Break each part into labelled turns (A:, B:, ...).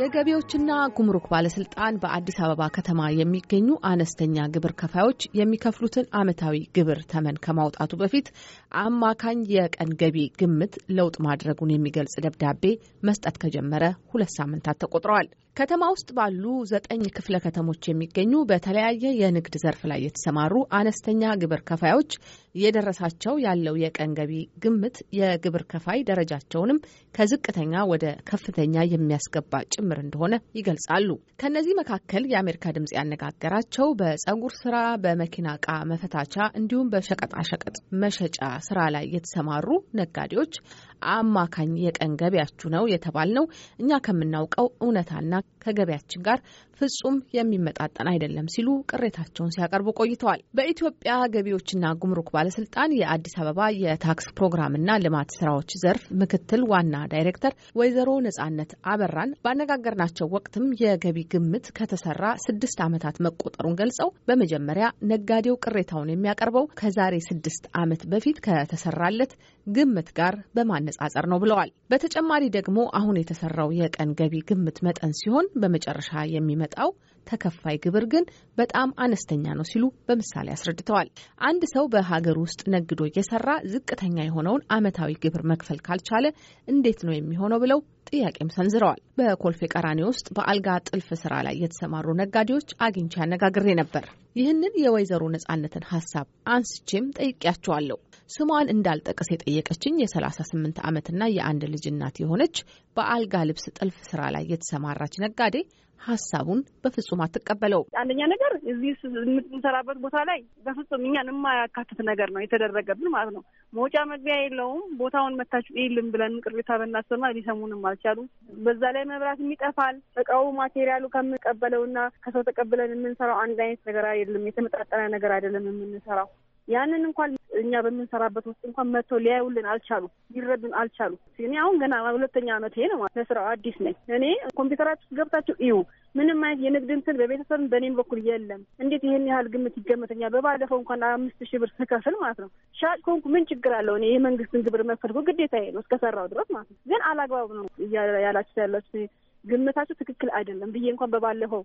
A: የገቢዎችና ጉምሩክ ባለስልጣን በአዲስ አበባ ከተማ የሚገኙ አነስተኛ ግብር ከፋዮች የሚከፍሉትን ዓመታዊ ግብር ተመን ከማውጣቱ በፊት አማካኝ የቀን ገቢ ግምት ለውጥ ማድረጉን የሚገልጽ ደብዳቤ መስጠት ከጀመረ ሁለት ሳምንታት ተቆጥረዋል። ከተማ ውስጥ ባሉ ዘጠኝ ክፍለ ከተሞች የሚገኙ በተለያየ የንግድ ዘርፍ ላይ የተሰማሩ አነስተኛ ግብር ከፋዮች እየደረሳቸው ያለው የቀን ገቢ ግምት የግብር ከፋይ ደረጃቸውንም ከዝቅተኛ ወደ ከፍተኛ የሚያስገባ ጭም። ጭምር እንደሆነ ይገልጻሉ። ከእነዚህ መካከል የአሜሪካ ድምጽ ያነጋገራቸው በጸጉር ስራ፣ በመኪና እቃ መፈታቻ እንዲሁም በሸቀጣሸቀጥ መሸጫ ስራ ላይ የተሰማሩ ነጋዴዎች አማካኝ የቀን ገቢያችሁ ነው ነው እኛ ከምናውቀው እውነታና ከገቢያችን ጋር ፍጹም የሚመጣጠን አይደለም ሲሉ ቅሬታቸውን ሲያቀርቡ ቆይተዋል። በኢትዮጵያ ገቢዎችና ጉምሩክ ባለስልጣን የአዲስ አበባ የታክስ ፕሮግራምና ልማት ስራዎች ዘርፍ ምክትል ዋና ዳይሬክተር ወይዘሮ ነጻነት አበራን ባነጋገርናቸው ወቅትም የገቢ ግምት ከተሰራ ስድስት ዓመታት መቆጠሩን ገልጸው በመጀመሪያ ነጋዴው ቅሬታውን የሚያቀርበው ከዛሬ ስድስት ዓመት በፊት ከተሰራለት ግምት ጋር በማነጻጸር ነው ብለዋል። በተጨማሪ ደግሞ አሁን የተሰራው የቀን ገቢ ግምት መጠን ሲሆን በመጨረሻ የሚመጣው ተከፋይ ግብር ግን በጣም አነስተኛ ነው ሲሉ በምሳሌ አስረድተዋል። አንድ ሰው በሀገር ውስጥ ነግዶ እየሰራ ዝቅተኛ የሆነውን ዓመታዊ ግብር መክፈል ካልቻለ እንዴት ነው የሚሆነው ብለው ጥያቄም ሰንዝረዋል። በኮልፌ ቀራኔ ውስጥ በአልጋ ጥልፍ ስራ ላይ የተሰማሩ ነጋዴዎች አግኝቼ አነጋግሬ ነበር። ይህንን የወይዘሮ ነጻነትን ሀሳብ አንስቼም ጠይቄያቸዋለሁ። ስሟን እንዳልጠቀስ የጠየቀችኝ የ38 ዓመትና የአንድ ልጅ እናት የሆነች በአልጋ ልብስ ጥልፍ ስራ ላይ የተሰማራች ነጋዴ ሀሳቡን በፍጹም አትቀበለው። አንደኛ ነገር እዚህ
B: የምንሰራበት ቦታ ላይ በፍጹም እኛን የማያካትት ነገር ነው የተደረገብን ማለት ነው። መውጫ መግቢያ የለውም። ቦታውን መታችሁ ይልም ብለን ቅሬታ ብናሰማ ሊሰሙንም አልቻሉ። በዛ ላይ መብራት ይጠፋል። እቃው ማቴሪያሉ ከምንቀበለውና ከሰው ተቀብለን የምንሰራው አንድ አይነት ነገር አይደለም። የተመጣጠነ ነገር አይደለም የምንሰራው ያንን እንኳን እኛ በምንሰራበት ውስጥ እንኳን መጥቶ ሊያዩልን አልቻሉ፣ ሊረዱን አልቻሉ። እኔ አሁን ገና ሁለተኛ ዓመት ይሄ ነው ለስራው አዲስ ነኝ። እኔ ኮምፒውተራችሁ ገብታችሁ እዩ። ምንም አይነት የንግድ እንትን በቤተሰብ በእኔም በኩል የለም። እንዴት ይህን ያህል ግምት ይገመተኛል? በባለፈው እንኳን አምስት ሺህ ብር ስከፍል ማለት ነው ሻጭ ኮንኩ ምን ችግር አለው? እኔ የመንግስትን ግብር መክፈል እኮ ግዴታዬ ነው እስከሰራው ድረስ ማለት ነው። ግን አላግባብ ነው ያላችሁ ያላችሁ ግምታችሁ ትክክል አይደለም ብዬ እንኳን በባለፈው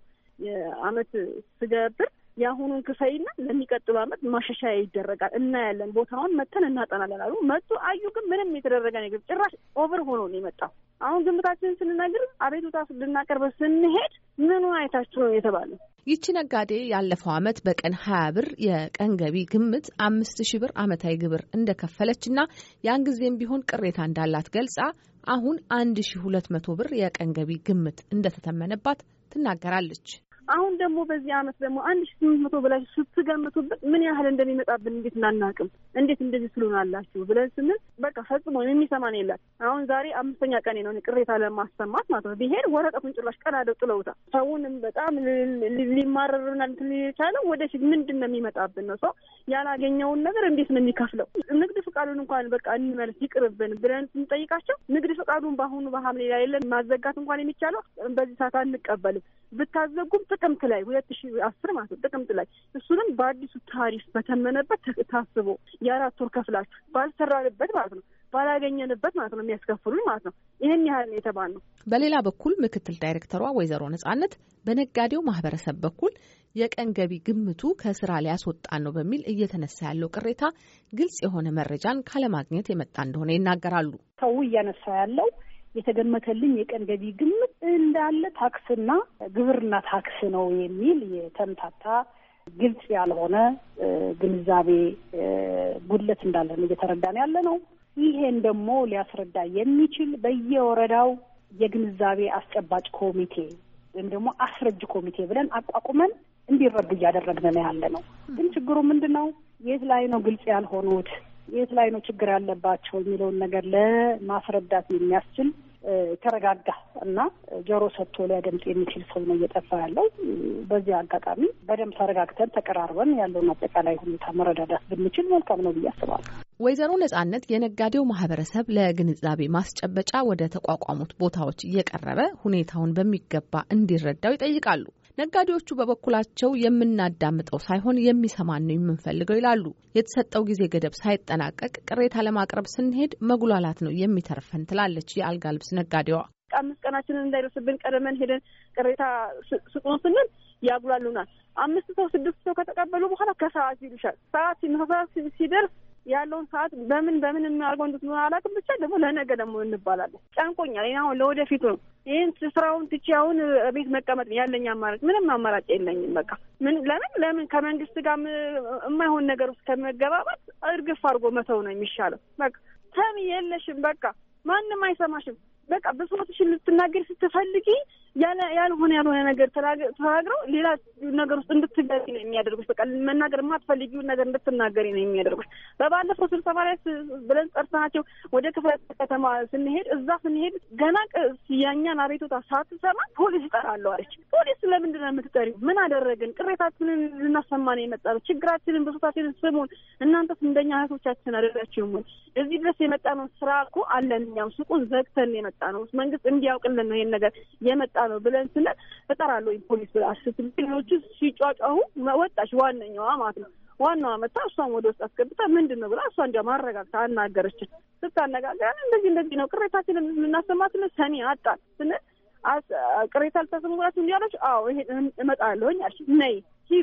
B: የአመት ስገብር የአሁኑን ክፈይና ለሚቀጥሉ አመት ማሻሻያ ይደረጋል እናያለን፣ ቦታውን መተን እናጠናለን አሉ። መጡ አዩ። ግን ምንም የተደረገ ነገር ጭራሽ ኦቨር ሆኖ ነው የመጣው። አሁን ግምታችንን ስንነግር አቤቱታ ልናቀርበ ስንሄድ
A: ምኑ አይታችሁ ነው የተባለ። ይቺ ነጋዴ ያለፈው አመት በቀን ሀያ ብር የቀን ገቢ ግምት አምስት ሺህ ብር አመታዊ ግብር እንደከፈለችና ያን ጊዜም ቢሆን ቅሬታ እንዳላት ገልጻ አሁን አንድ ሺህ ሁለት መቶ ብር የቀን ገቢ ግምት እንደተተመነባት ትናገራለች። አሁን ደግሞ በዚህ አመት ደግሞ አንድ ሺ ስምንት መቶ
B: ብላችሁ ስትገምቱበት ምን ያህል እንደሚመጣብን እንዴት እናናቅም? እንዴት እንደዚህ አላችሁ ብለን ስንል በቃ ፈጽሞ የሚሰማን የለም። አሁን ዛሬ አምስተኛ ቀኔ ነው ቅሬታ ለማሰማት ማለት ነው። ብሄድ ወረቀቱን ጭራሽ ቀን ጥለውታል። ሰውንም በጣም ሊማረርና የቻለው ወደፊት ምንድን ነው የሚመጣብን ነው። ሰው ያላገኘውን ነገር እንዴት ነው የሚከፍለው? ንግድ ፍቃዱን እንኳን በቃ እንመልስ ይቅርብን ብለን ስንጠይቃቸው ንግድ ፍቃዱን በአሁኑ በሐምሌ ላይ የለን ማዘጋት እንኳን የሚቻለው በዚህ ሰዓት አንቀበልም ብታዘጉም ጥቅምት ላይ ሁለት ሺ አስር ማለት ነው ጥቅምት ላይ እሱንም በአዲሱ ታሪፍ በተመነበት ታስቦ የአራት ወር ከፍላችሁ ባልሰራንበት ማለት ነው ባላገኘንበት ማለት ነው የሚያስከፍሉን ማለት ነው። ይህን ያህል ነው ነው።
A: በሌላ በኩል ምክትል ዳይሬክተሯ ወይዘሮ ነጻነት በነጋዴው ማህበረሰብ በኩል የቀን ገቢ ግምቱ ከስራ ሊያስወጣን ነው በሚል እየተነሳ ያለው ቅሬታ ግልጽ የሆነ መረጃን ካለማግኘት የመጣ እንደሆነ ይናገራሉ።
B: ሰው እያነሳ ያለው የተገመተልኝ የቀን ገቢ ግምት እንዳለ ታክስና ግብርና ታክስ ነው የሚል የተምታታ ግልጽ ያልሆነ ግንዛቤ ጉድለት እንዳለን እየተረዳን ያለ ነው። ይሄን ደግሞ ሊያስረዳ የሚችል በየወረዳው የግንዛቤ አስጨባጭ ኮሚቴ ወይም ደግሞ አስረጅ ኮሚቴ ብለን አቋቁመን እንዲረዱ እያደረግን ነው ያለ ነው። ግን ችግሩ ምንድን ነው? የት ላይ ነው ግልጽ ያልሆኑት? የት ላይ ነው ችግር ያለባቸው የሚለውን ነገር ለማስረዳት የሚያስችል የተረጋጋ እና ጆሮ ሰጥቶ ሊያደምጥ የሚችል ሰው ነው እየጠፋ ያለው። በዚህ አጋጣሚ በደንብ ተረጋግተን ተቀራርበን ያለውን አጠቃላይ ሁኔታ መረዳዳት ብንችል መልካም ነው ብዬ አስባለሁ።
A: ወይዘሮ ነጻነት የነጋዴው ማህበረሰብ ለግንዛቤ ማስጨበጫ ወደ ተቋቋሙት ቦታዎች እየቀረበ ሁኔታውን በሚገባ እንዲረዳው ይጠይቃሉ። ነጋዴዎቹ በበኩላቸው የምናዳምጠው ሳይሆን የሚሰማን ነው የምንፈልገው ይላሉ። የተሰጠው ጊዜ ገደብ ሳይጠናቀቅ ቅሬታ ለማቅረብ ስንሄድ መጉላላት ነው የሚተርፈን ትላለች የአልጋ ልብስ ነጋዴዋ።
B: አምስት ቀናችንን እንዳይደርስብን ቀደመን ሄደን ቅሬታ ስጡን ስንል ያጉላሉናል። አምስት ሰው ስድስት ሰው ከተቀበሉ በኋላ ከሰዓት ይሉሻል። ሰዓት ሲደርስ ያለውን ሰዓት በምን በምን የሚያደርገው እንድትሆን አላውቅም። ብቻ ደግሞ ለነገ ደግሞ እንባላለን። ጨንቆኛል። አሁን ለወደፊቱ ነው። ይህን ስራውን ትቼ አሁን ቤት መቀመጥ ያለኝ አማራጭ ምንም አማራጭ የለኝም። በቃ ምን ለምን ለምን ከመንግስት ጋር የማይሆን ነገር ውስጥ ከመገባባት እርግፍ አድርጎ መተው ነው የሚሻለው። በቃ ሰሚ የለሽም። በቃ ማንም አይሰማሽም። በቃ ብሶትሽን ልትናገር ስትፈልጊ ያልሆነ ያልሆነ ነገር ተናግረው ሌላ ነገር ውስጥ እንድትገቢ ነው የሚያደርጉች። በቃ መናገር የማትፈልጊውን ነገር እንድትናገሪ ነው የሚያደርጉት። በባለፈው ስብሰባ ላይ ብለን ጠርተናቸው ወደ ክፍለ ከተማ ስንሄድ እዛ ስንሄድ ገና ያኛን አቤቱታ ሳትሰማ ፖሊስ እጠራለሁ አለች። ፖሊስ ለምንድን ነው የምትጠሪው? ምን አደረግን? ቅሬታችንን ልናሰማ ነው የመጣ ችግራችንን ብሶታችንን ስሙን። እናንተስ እንደኛ እህቶቻችን አደረጋችሁም ወይ? እዚህ ድረስ የመጣ ነው። ስራ እኮ አለን እኛም ሱቁን ዘግተን የመጣ ነው። መንግስት እንዲያውቅልን ነው ይሄን ነገር የመጣ ነው ብለን ስለ እጠራለሁ ፖሊስ ብላ ስትል ሌሎቹ ሲጫጫሁ ወጣች። ዋነኛዋ ማለት ነው ዋናዋ መታ እሷን ወደ ውስጥ አስገብታ ምንድን ነው ብላ እሷ እንዲያ ማረጋግታ አናገረችን። ስታነጋገር እንደዚህ እንደዚህ ነው ቅሬታችንን የምናሰማት ሰኔ አጣን ስንል ቅሬታ ልታሰሙላችሁ እንዲያለች አዎ ይሄ እመጣለሁኝ አለች። ነይ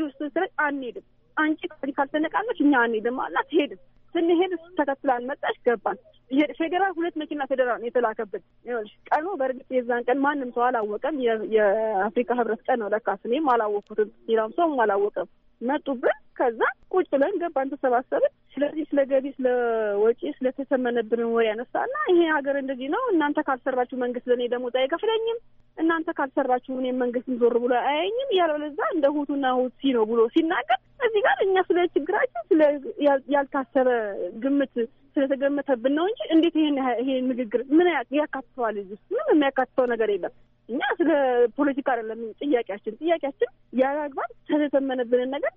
B: ውስጥ ስለች አንሄድም አንቺ ካልተነቃለች እኛ አንሄድም አላት ሄድም ስንሄድ ተከትላን ተከትላ አልመጣች ገባን። ፌዴራል ሁለት መኪና ፌዴራል የተላከብን ይኸውልሽ። ቀኑ በእርግጥ የዛን ቀን ማንም ሰው አላወቀም። የአፍሪካ ህብረት ቀን ነው ለካ። እኔም አላወኩትም፣ ሌላም ሰውም አላወቀም። መጡብን። ከዛ ቁጭ ብለን ገባን፣ ተሰባሰብን። ስለዚህ ስለ ገቢ፣ ስለ ወጪ፣ ስለተሰመነብንን ወሬ ያነሳና ይሄ ሀገር እንደዚህ ነው፣ እናንተ ካልሰራችሁ መንግስት ለእኔ ደሞዝ አይከፍለኝም፣ እናንተ ካልሰራችሁ እኔም መንግስትም ዞር ብሎ አያየኝም፣ ያለበለዚያ እንደ ሁቱና ሁቲ ነው ብሎ ሲናገር እዚህ ጋር እኛ ስለ ችግራችን ስለ ያልታሰበ ግምት ስለተገመተብን ነው እንጂ እንዴት ይሄን ይሄ ንግግር ምን ያካትተዋል? እዚህ ውስጥ ምንም የሚያካትተው ነገር የለም። እኛ ስለ ፖለቲካ አይደለም ጥያቄያችን። ጥያቄያችን ያለ አግባብ ተተመነብንን ነገር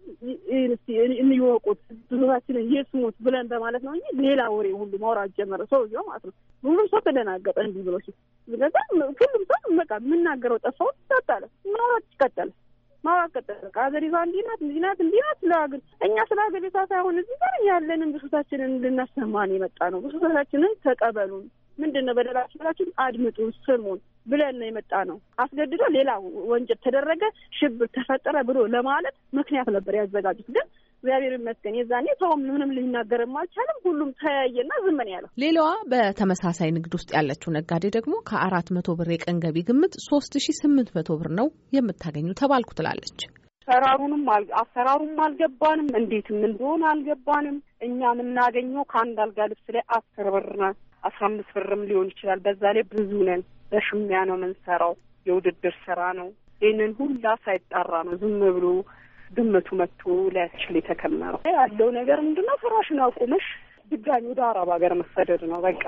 B: እንይወቁት ብሶታችንን የስሙት ብለን በማለት ነው እንጂ ሌላ ወሬ ሁሉ ማውራት ጀመረ ሰው ሰውዬው ማለት ነው። ሁሉም ሰው ተደናገጠ እንዲህ ብሎ ሲል፣ ሁሉም ሰው በቃ የምናገረው ጠፋው፣ ቀጠለ ማውራት ይቀጠለ ማወቅ ጠበቅ። ሀገሪቷ እንዲህ ናት እንዲህ ናት እንዲህ ስለ ሀገር እኛ ስለ ሀገሪቷ ሳይሆን እዚህ ጋር ያለንን ብሶታችንን እንድናሰማን የመጣ ነው። ብሶታችንን ተቀበሉን፣ ምንድን ነው በደላችን ብላችሁን አድምጡ፣ ስሙን ብለን ነው የመጣ ነው። አስገድዶ ሌላ ወንጀል ተደረገ፣ ሽብር ተፈጠረ ብሎ ለማለት ምክንያት ነበር ያዘጋጁት ግን እግዚአብሔር ይመስገን የዛኔ ሰውም ምንም ሊናገርም አልቻለም። ሁሉም ተያየና ዝምን ያለው።
A: ሌላዋ በተመሳሳይ ንግድ ውስጥ ያለችው ነጋዴ ደግሞ ከአራት መቶ ብር የቀን ገቢ ግምት ሶስት ሺ ስምንት መቶ ብር ነው የምታገኙ ተባልኩ ትላለች።
B: አሰራሩንም አሰራሩም አልገባንም፣ እንዴትም እንደሆነ አልገባንም። እኛ የምናገኘው ከአንድ አልጋ ልብስ ላይ አስር ብር አስራ አምስት ብርም ሊሆን ይችላል። በዛ ላይ ብዙ ነን። በሽሚያ ነው የምንሰራው። የውድድር ስራ ነው። ይህንን ሁላ ሳይጣራ ነው ዝም ብሎ ድመቱ መጥቶ ላያችል የተከመረው ያለው ነገር ምንድነው? ፍራሽን አቁመሽ ድጋሚ ወደ አረብ ሀገር መሰደድ ነው በቃ።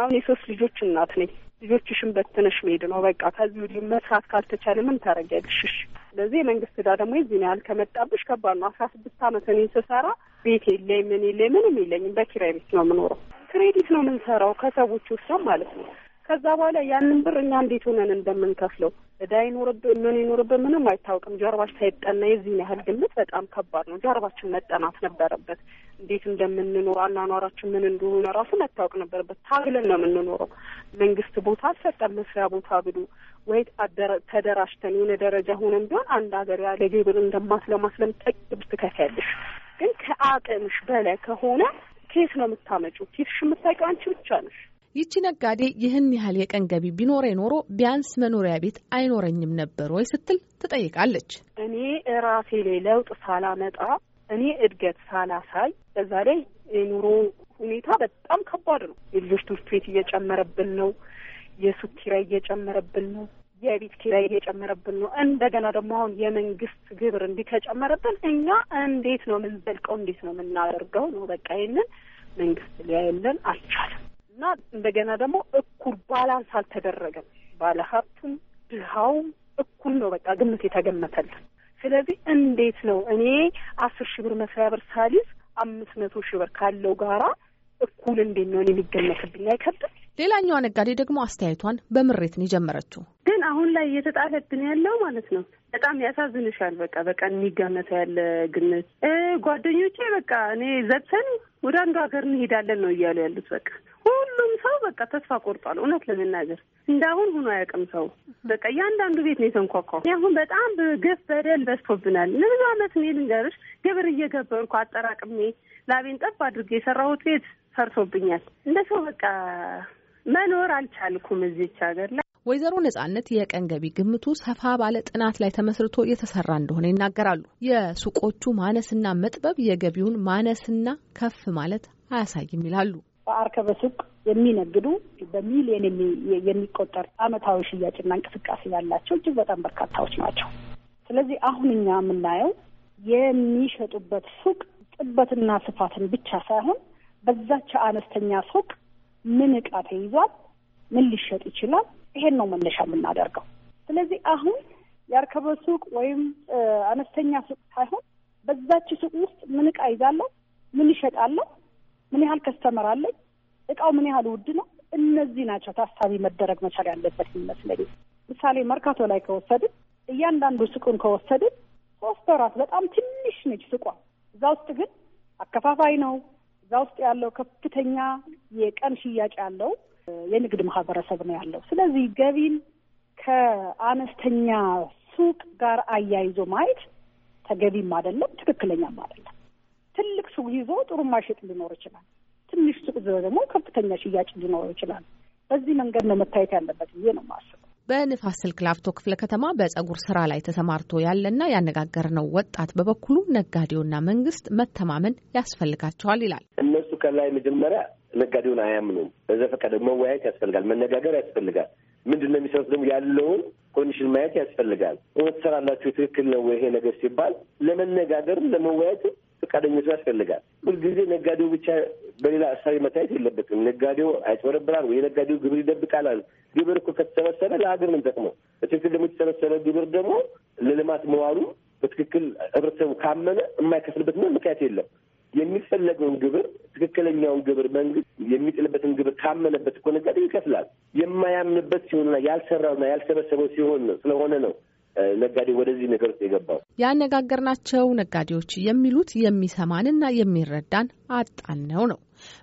B: አሁን የሶስት ልጆች እናት ነኝ። ልጆችሽን በትነሽ መሄድ ነው በቃ። ከዚህ ወዲህ መስራት ካልተቻለ ምን ታደርጊያለሽ? ስለዚህ የመንግስት ዕዳ ደግሞ የዚህን ያህል ከመጣብሽ ከባድ ነው። አስራ ስድስት አመት እኔ ስሰራ ቤት የለኝ ምን የለኝ ምንም የለኝም። በኪራይ ቤት ነው የምኖረው። ክሬዲት ነው የምንሰራው ከሰዎች ውስጥ ማለት ነው። ከዛ በኋላ ያንን ብር እኛ እንዴት ሆነን እንደምንከፍለው እዳ ይኖርብን ምን ይኖርብን ምንም አይታወቅም። ጀርባች ሳይጠና የዚህን ያህል ግምት በጣም ከባድ ነው። ጀርባችን መጠናት ነበረበት። እንዴት እንደምንኖር አናኗራችን ምን እንደሆነ ራሱ መታወቅ ነበረበት። ታግለን ነው የምንኖረው። መንግስት ቦታ አልሰጠን መስሪያ ቦታ ብሎ ወይ ተደራጅተን የሆነ ደረጃ ሆነን ቢሆን አንድ ሀገር ያለ ግብር እንደማትለማ ስለምታውቂ ትከፍያለሽ። ግን ከአቅምሽ በላይ ከሆነ ኬት ነው የምታመጩ? ኬትሽ የምታውቂው
A: አንቺ ብቻ ነሽ። ይቺ ነጋዴ ይህን ያህል የቀን ገቢ ቢኖረ ኖሮ ቢያንስ መኖሪያ ቤት አይኖረኝም ነበር ወይ ስትል ትጠይቃለች።
B: እኔ ራሴ ላይ ለውጥ ሳላመጣ እኔ እድገት ሳላሳይ በዛ ላይ የኑሮ ሁኔታ በጣም ከባድ ነው። የልጆች ትምህርት ቤት እየጨመረብን ነው። የሱቅ ኪራይ እየጨመረብን ነው። የቤት ኪራይ እየጨመረብን ነው። እንደገና ደግሞ አሁን የመንግስት ግብር እንዲህ ከጨመረብን እኛ እንዴት ነው የምንዘልቀው? እንዴት ነው የምናደርገው? ነው በቃ ይህንን መንግስት ሊያየለን አልቻለም። እና እንደገና ደግሞ እኩል ባላንስ አልተደረገም። ባለሀብቱም ድሃውም እኩል ነው በቃ ግምት የተገመተልን። ስለዚህ እንዴት ነው እኔ አስር ሺህ ብር መስሪያ ብር ሳሊዝ አምስት መቶ ሺህ ብር ካለው ጋራ እኩል እንዴት ነው እኔ የሚገመትብኝ?
A: አይከብድም። ሌላኛዋ ነጋዴ ደግሞ አስተያየቷን በምሬት ነው የጀመረችው።
B: ግን አሁን ላይ እየተጣለብን ያለው ማለት ነው በጣም ያሳዝንሻል። በቃ በቃ የሚገመተው ያለ ግምት ጓደኞቼ በቃ እኔ ዘብሰን ወደ አንዱ ሀገር እንሄዳለን ነው እያሉ ያሉት በቃ ሁሉም ሰው በቃ ተስፋ ቆርጧል። እውነት ለመናገር እንዳሁን ሆኖ አያውቅም ሰው በቃ እያንዳንዱ ቤት ነው የተንኳኳው። አሁን በጣም ገፍ በደል በዝቶብናል። ለብዙ አመት እኔ ልንገርሽ ግብር እየገበርኩ አጠራቅሜ ላቤን ጠብ አድርጌ የሰራሁት ቤት ፈርሶብኛል። እንደ ሰው
A: በቃ መኖር አልቻልኩም እዚች ሀገር ላይ። ወይዘሮ ነጻነት የቀን ገቢ ግምቱ ሰፋ ባለ ጥናት ላይ ተመስርቶ የተሰራ እንደሆነ ይናገራሉ። የሱቆቹ ማነስና መጥበብ የገቢውን ማነስና ከፍ ማለት አያሳይም ይላሉ። በአርከበ
B: ሱቅ የሚነግዱ በሚሊየን የሚቆጠር አመታዊ ሽያጭና እንቅስቃሴ ያላቸው እጅግ በጣም በርካታዎች ናቸው። ስለዚህ አሁን እኛ የምናየው የሚሸጡበት ሱቅ ጥበትና ስፋትን ብቻ ሳይሆን በዛች አነስተኛ ሱቅ ምን እቃ ተይዟል፣ ምን ሊሸጥ ይችላል፣ ይሄን ነው መነሻ የምናደርገው። ስለዚህ አሁን የአርከበ ሱቅ ወይም አነስተኛ ሱቅ ሳይሆን በዛች ሱቅ ውስጥ ምን እቃ ይዛለሁ፣ ምን ይሸጣለሁ፣ ምን ያህል ከስተመር አለኝ እቃው ምን ያህል ውድ ነው? እነዚህ ናቸው ታሳቢ መደረግ መቻል ያለበት ይመስለኝ። ምሳሌ መርካቶ ላይ ከወሰድን እያንዳንዱ ሱቁን ከወሰድን ሶስት ወራት በጣም ትንሽ ነች ሱቋ። እዛ ውስጥ ግን አከፋፋይ ነው። እዛ ውስጥ ያለው ከፍተኛ የቀን ሽያጭ ያለው የንግድ ማህበረሰብ ነው ያለው። ስለዚህ ገቢን ከአነስተኛ ሱቅ ጋር አያይዞ ማየት ተገቢም አይደለም፣ ትክክለኛም አይደለም። ትልቅ ሱቅ ይዞ ጥሩ ማሸጥ ሊኖር ይችላል። ትንሽ ሱቅ ደግሞ ከፍተኛ ሽያጭ ሊኖረው ይችላል። በዚህ መንገድ ነው መታየት ያለበት ብዬ ነው የማስበው።
A: በንፋስ ስልክ ላፍቶ ክፍለ ከተማ በጸጉር ስራ ላይ ተሰማርቶ ያለና ያነጋገርነው ወጣት በበኩሉ ነጋዴውና መንግስት መተማመን ያስፈልጋቸዋል ይላል።
B: እነሱ ከላይ መጀመሪያ ነጋዴውን አያምኑም። በዘፈቀደ መወያየት ያስፈልጋል፣ መነጋገር ያስፈልጋል። ምንድን ነው የሚሰሩት ደግሞ ያለውን ኮንዲሽን ማየት ያስፈልጋል። እውነት ትሰራላችሁ፣ ትክክል ነው ይሄ ነገር ሲባል ለመነጋገር ለመወያየት ፈቃደኞች ያስፈልጋል። ሁልጊዜ ነጋዴው ብቻ በሌላ አሳቢ መታየት የለበትም። ነጋዴው አይጭበረብራል ወይ ነጋዴው ግብር ይደብቃል አሉ። ግብር እኮ ከተሰበሰበ ለሀገር ምን ጠቅመው? በትክክል ደግሞ የተሰበሰበ ግብር ደግሞ ለልማት መዋሉ በትክክል ህብረተሰቡ ካመነ የማይከፍልበት ምን ምክንያት የለም። የሚፈለገውን ግብር ትክክለኛውን ግብር መንግስት የሚጥልበትን ግብር ካመነበት እኮ ነጋዴው ይከፍላል። የማያምንበት ሲሆንና ያልሰራውና ያልሰበሰበው ሲሆን ስለሆነ ነው ነጋዴ ወደዚህ ነገር ውስጥ የገባው።
A: ያነጋገርናቸው ነጋዴዎች የሚሉት የሚሰማንና የሚረዳን አጣን ነው ነው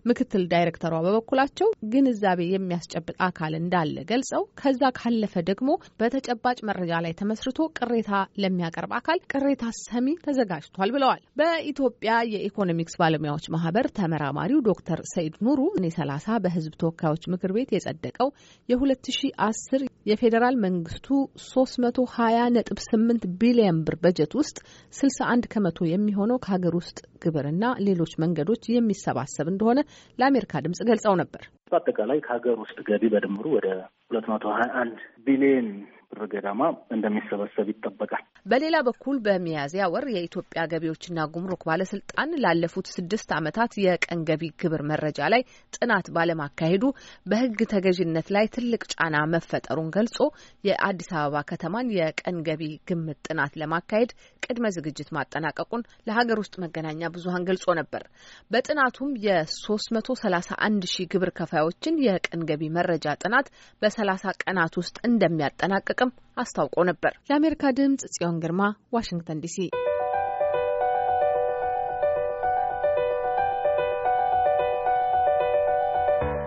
A: ምክትል ዳይሬክተሯ በበኩላቸው ግንዛቤ የሚያስጨብጥ አካል እንዳለ ገልጸው ከዛ ካለፈ ደግሞ በተጨባጭ መረጃ ላይ ተመስርቶ ቅሬታ ለሚያቀርብ አካል ቅሬታ ሰሚ ተዘጋጅቷል ብለዋል። በኢትዮጵያ የኢኮኖሚክስ ባለሙያዎች ማህበር ተመራማሪው ዶክተር ሰይድ ኑሩ እኔ 30 በህዝብ ተወካዮች ምክር ቤት የጸደቀው የ2010 የፌዴራል መንግስቱ 320.8 ቢሊዮን ብር በጀት ውስጥ 61 ከመቶ የሚሆነው ከሀገር ውስጥ ግብርና ሌሎች መንገዶች የሚሰባሰብ እንደሆነ እንደሆነ ለአሜሪካ ድምጽ ገልጸው ነበር።
B: በአጠቃላይ ከሀገር ውስጥ ገቢ በድምሩ ወደ ሁለት መቶ ሀያ አንድ ቢሊዮን ብር ገዳማ እንደሚሰበሰብ ይጠበቃል።
A: በሌላ በኩል በሚያዝያ ወር የኢትዮጵያ ገቢዎችና ጉምሩክ ባለስልጣን ላለፉት ስድስት ዓመታት የቀን ገቢ ግብር መረጃ ላይ ጥናት ባለማካሄዱ በሕግ ተገዥነት ላይ ትልቅ ጫና መፈጠሩን ገልጾ የአዲስ አበባ ከተማን የቀን ገቢ ግምት ጥናት ለማካሄድ ቅድመ ዝግጅት ማጠናቀቁን ለሀገር ውስጥ መገናኛ ብዙኃን ገልጾ ነበር። በጥናቱም የ331 ሺህ ግብር ከፋዮችን የቀን ገቢ መረጃ ጥናት በ30 ቀናት ውስጥ እንደሚያጠናቅቅም አስታውቆ ነበር። ለአሜሪካ ድምጽ ጽዮን ግርማ ዋሽንግተን ዲሲ